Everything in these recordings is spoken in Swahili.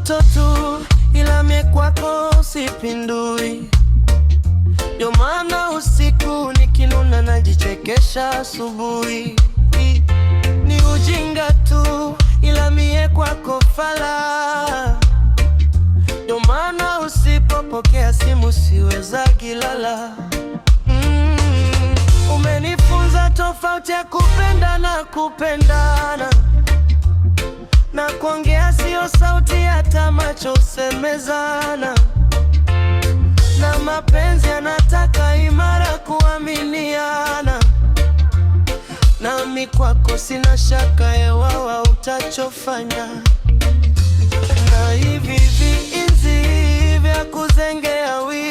mtoto tu, ila mie kwako sipindui. Ndio maana usiku nikinuna najichekesha asubuhi. Ni ujinga tu, ila mie kwako fala. Ndio maana usipopokea simu siweza lala. Mm, umenifunza tofauti ya kupenda na kupendana na kuongea, siyo sauti, hata macho semezana, na mapenzi yanataka imara kuaminiana. Nami kwako sina shaka, yewawa utachofanya na hivi viinzi vya kuzengea wii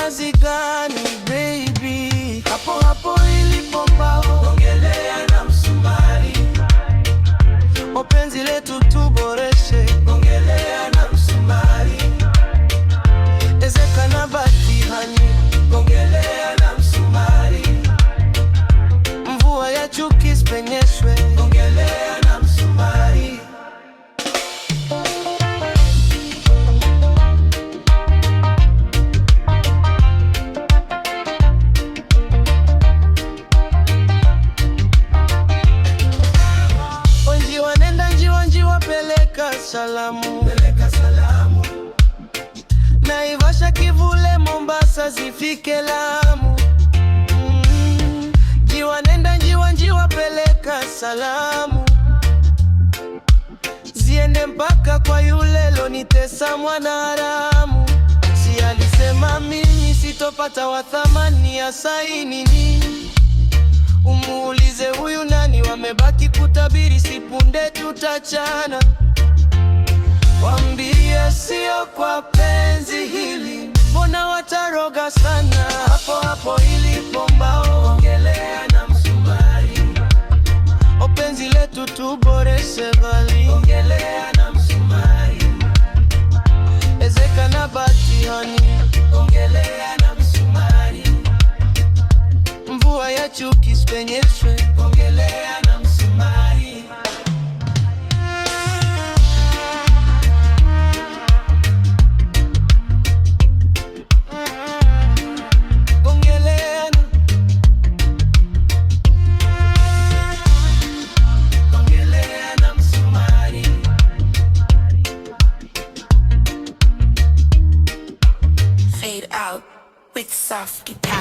kazi gani? salamu, peleka salamu. Naivasha, Kivule, Mombasa zifike Lamu mm. Mm-hmm. Jiwa nenda njiwa njiwa peleka salamu ziende mpaka kwa yule lonitesa mwana haramu si alisema mimi sitopata wathamani ya saini ni umuulize huyu nani wamebaki kutabiri sipunde tutachana sana hapo hapo ilipo mbao, ongelea na msumari, openzi letu tuboreshe out with soft guitar.